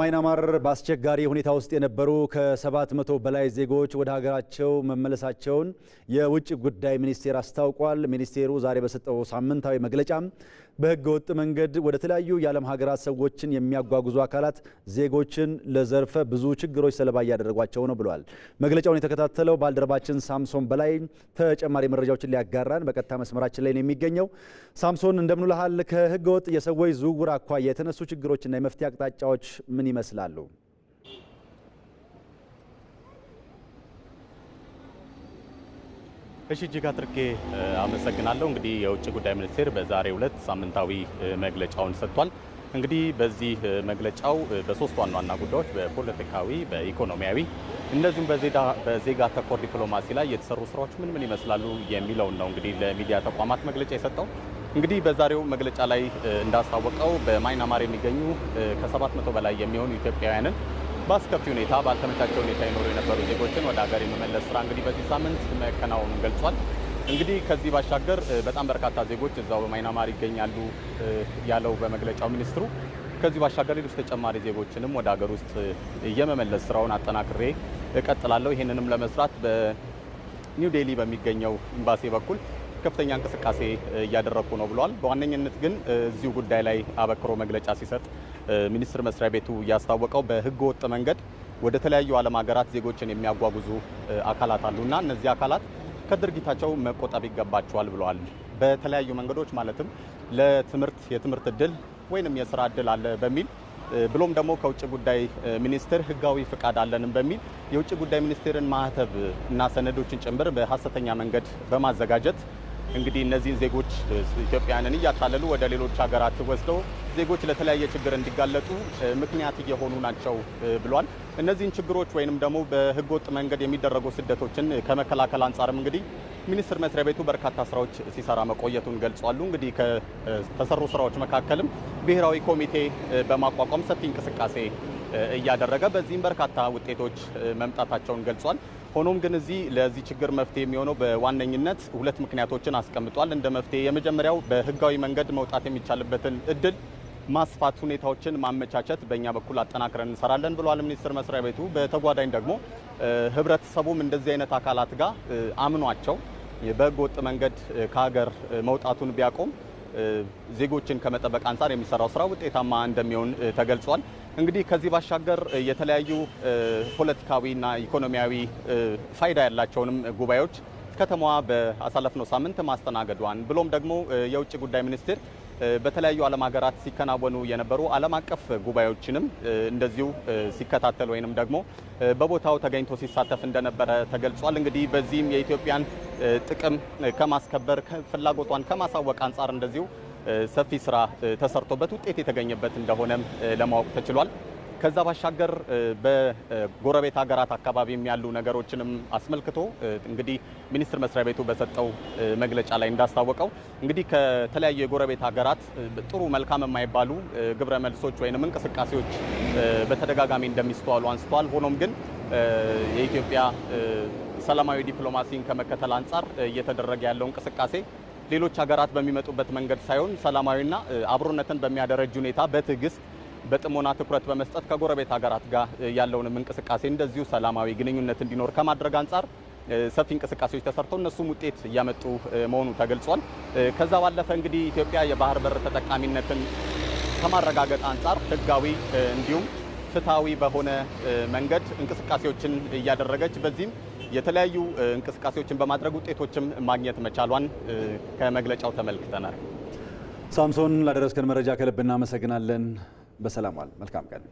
ማይናማር በአስቸጋሪ ሁኔታ ውስጥ የነበሩ ከሰባት መቶ በላይ ዜጎች ወደ ሀገራቸው መመለሳቸውን የውጭ ጉዳይ ሚኒስቴር አስታውቋል። ሚኒስቴሩ ዛሬ በሰጠው ሳምንታዊ መግለጫ በህገ ወጥ መንገድ ወደ ተለያዩ የዓለም ሀገራት ሰዎችን የሚያጓጉዙ አካላት ዜጎችን ለዘርፈ ብዙ ችግሮች ሰለባ እያደረጓቸው ነው ብሏል። መግለጫውን የተከታተለው ባልደረባችን ሳምሶን በላይ ተጨማሪ መረጃዎችን ሊያጋራን በቀጥታ መስመራችን ላይ ነው የሚገኘው። ሳምሶን እንደምንልሃል። ከህገ ወጥ የሰዎች ዝውውር አኳያ የተነሱ ችግሮችና የመፍትሄ አቅጣጫዎች ምን ምን ይመስላሉ? እሺ እጅግ አድርጌ አመሰግናለሁ። እንግዲህ የውጭ ጉዳይ ሚኒስቴር በዛሬው ዕለት ሳምንታዊ መግለጫውን ሰጥቷል። እንግዲህ በዚህ መግለጫው በሶስት ዋና ዋና ጉዳዮች በፖለቲካዊ፣ በኢኮኖሚያዊ እንደዚሁም በዜጋ ተኮር ዲፕሎማሲ ላይ የተሰሩ ስራዎች ምን ምን ይመስላሉ የሚለውን ነው እንግዲህ ለሚዲያ ተቋማት መግለጫ የሰጠው። እንግዲህ በዛሬው መግለጫ ላይ እንዳስታወቀው በማይናማር የሚገኙ ከ700 በላይ የሚሆኑ ኢትዮጵያውያንን በአስከፊ ሁኔታ ባልተመቻቸ ሁኔታ የኖሩ የነበሩ ዜጎችን ወደ ሀገር የመመለስ ስራ እንግዲህ በዚህ ሳምንት መከናወኑን ገልጿል። እንግዲህ ከዚህ ባሻገር በጣም በርካታ ዜጎች እዛው በማይናማር ይገኛሉ ያለው በመግለጫው ሚኒስትሩ ከዚህ ባሻገር ሌሎች ተጨማሪ ዜጎችንም ወደ ሀገር ውስጥ የመመለስ ስራውን አጠናክሬ እቀጥላለሁ። ይህንንም ለመስራት በኒው ዴሊ በሚገኘው ኤምባሲ በኩል ከፍተኛ እንቅስቃሴ እያደረኩ ነው ብለዋል። በዋነኝነት ግን እዚሁ ጉዳይ ላይ አበክሮ መግለጫ ሲሰጥ ሚኒስቴር መስሪያ ቤቱ ያስታወቀው በህገ ወጥ መንገድ ወደ ተለያዩ ዓለም ሀገራት ዜጎችን የሚያጓጉዙ አካላት አሉና እነዚህ አካላት ከድርጊታቸው መቆጠብ ይገባቸዋል ብለዋል። በተለያዩ መንገዶች ማለትም ለትምህርት የትምህርት እድል ወይንም የስራ እድል አለ በሚል ብሎም ደግሞ ከውጭ ጉዳይ ሚኒስቴር ህጋዊ ፍቃድ አለንም በሚል የውጭ ጉዳይ ሚኒስቴርን ማህተብ እና ሰነዶችን ጭምር በሀሰተኛ መንገድ በማዘጋጀት እንግዲህ እነዚህን ዜጎች ኢትዮጵያውያንን እያታለሉ ወደ ሌሎች ሀገራት ወስደው ዜጎች ለተለያየ ችግር እንዲጋለጡ ምክንያት እየሆኑ ናቸው ብሏል። እነዚህን ችግሮች ወይንም ደግሞ በህገወጥ መንገድ የሚደረጉ ስደቶችን ከመከላከል አንጻርም እንግዲህ ሚኒስቴር መስሪያ ቤቱ በርካታ ስራዎች ሲሰራ መቆየቱን ገልጿሉ። እንግዲህ ከተሰሩ ስራዎች መካከልም ብሔራዊ ኮሚቴ በማቋቋም ሰፊ እንቅስቃሴ እያደረገ በዚህም በርካታ ውጤቶች መምጣታቸውን ገልጿል። ሆኖም ግን እዚህ ለዚህ ችግር መፍትሄ የሚሆነው በዋነኝነት ሁለት ምክንያቶችን አስቀምጧል እንደ መፍትሄ። የመጀመሪያው በህጋዊ መንገድ መውጣት የሚቻልበትን እድል ማስፋት፣ ሁኔታዎችን ማመቻቸት በእኛ በኩል አጠናክረን እንሰራለን ብለዋል ሚኒስቴር መስሪያ ቤቱ። በተጓዳኝ ደግሞ ህብረተሰቡም እንደዚህ አይነት አካላት ጋር አምኗቸው በህገ ወጥ መንገድ ከሀገር መውጣቱን ቢያቆም ዜጎችን ከመጠበቅ አንጻር የሚሰራው ስራ ውጤታማ እንደሚሆን ተገልጿል። እንግዲህ ከዚህ ባሻገር የተለያዩ ፖለቲካዊና ኢኮኖሚያዊ ፋይዳ ያላቸውንም ጉባኤዎች ከተማዋ በአሳለፍነው ሳምንት ማስተናገዷን ብሎም ደግሞ የውጭ ጉዳይ ሚኒስቴር በተለያዩ ዓለም ሀገራት ሲከናወኑ የነበሩ ዓለም አቀፍ ጉባኤዎችንም እንደዚሁ ሲከታተል ወይንም ደግሞ በቦታው ተገኝቶ ሲሳተፍ እንደነበረ ተገልጿል። እንግዲህ በዚህም የኢትዮጵያን ጥቅም ከማስከበር ፍላጎቷን ከማሳወቅ አንጻር እንደዚሁ ሰፊ ስራ ተሰርቶበት ውጤት የተገኘበት እንደሆነም ለማወቅ ተችሏል። ከዛ ባሻገር በጎረቤት ሀገራት አካባቢም ያሉ ነገሮችንም አስመልክቶ እንግዲህ ሚኒስቴር መስሪያ ቤቱ በሰጠው መግለጫ ላይ እንዳስታወቀው እንግዲህ ከተለያዩ የጎረቤት ሀገራት ጥሩ መልካም የማይባሉ ግብረ መልሶች ወይም እንቅስቃሴዎች በተደጋጋሚ እንደሚስተዋሉ አንስተዋል። ሆኖም ግን የኢትዮጵያ ሰላማዊ ዲፕሎማሲን ከመከተል አንጻር እየተደረገ ያለው እንቅስቃሴ ሌሎች ሀገራት በሚመጡበት መንገድ ሳይሆን ሰላማዊና አብሮነትን በሚያደረጅ ሁኔታ በትዕግስት በጥሞና ትኩረት በመስጠት ከጎረቤት ሀገራት ጋር ያለውንም እንቅስቃሴ እንደዚሁ ሰላማዊ ግንኙነት እንዲኖር ከማድረግ አንጻር ሰፊ እንቅስቃሴዎች ተሰርተው እነሱም ውጤት እያመጡ መሆኑ ተገልጿል። ከዛ ባለፈ እንግዲህ ኢትዮጵያ የባህር በር ተጠቃሚነትን ከማረጋገጥ አንጻር ህጋዊ እንዲሁም ፍትሐዊ በሆነ መንገድ እንቅስቃሴዎችን እያደረገች በዚህም የተለያዩ እንቅስቃሴዎችን በማድረግ ውጤቶችም ማግኘት መቻሏን ከመግለጫው ተመልክተናል። ሳምሶን፣ ላደረስከን መረጃ ከልብ እናመሰግናለን። በሰላም ዋል። መልካም ቀን።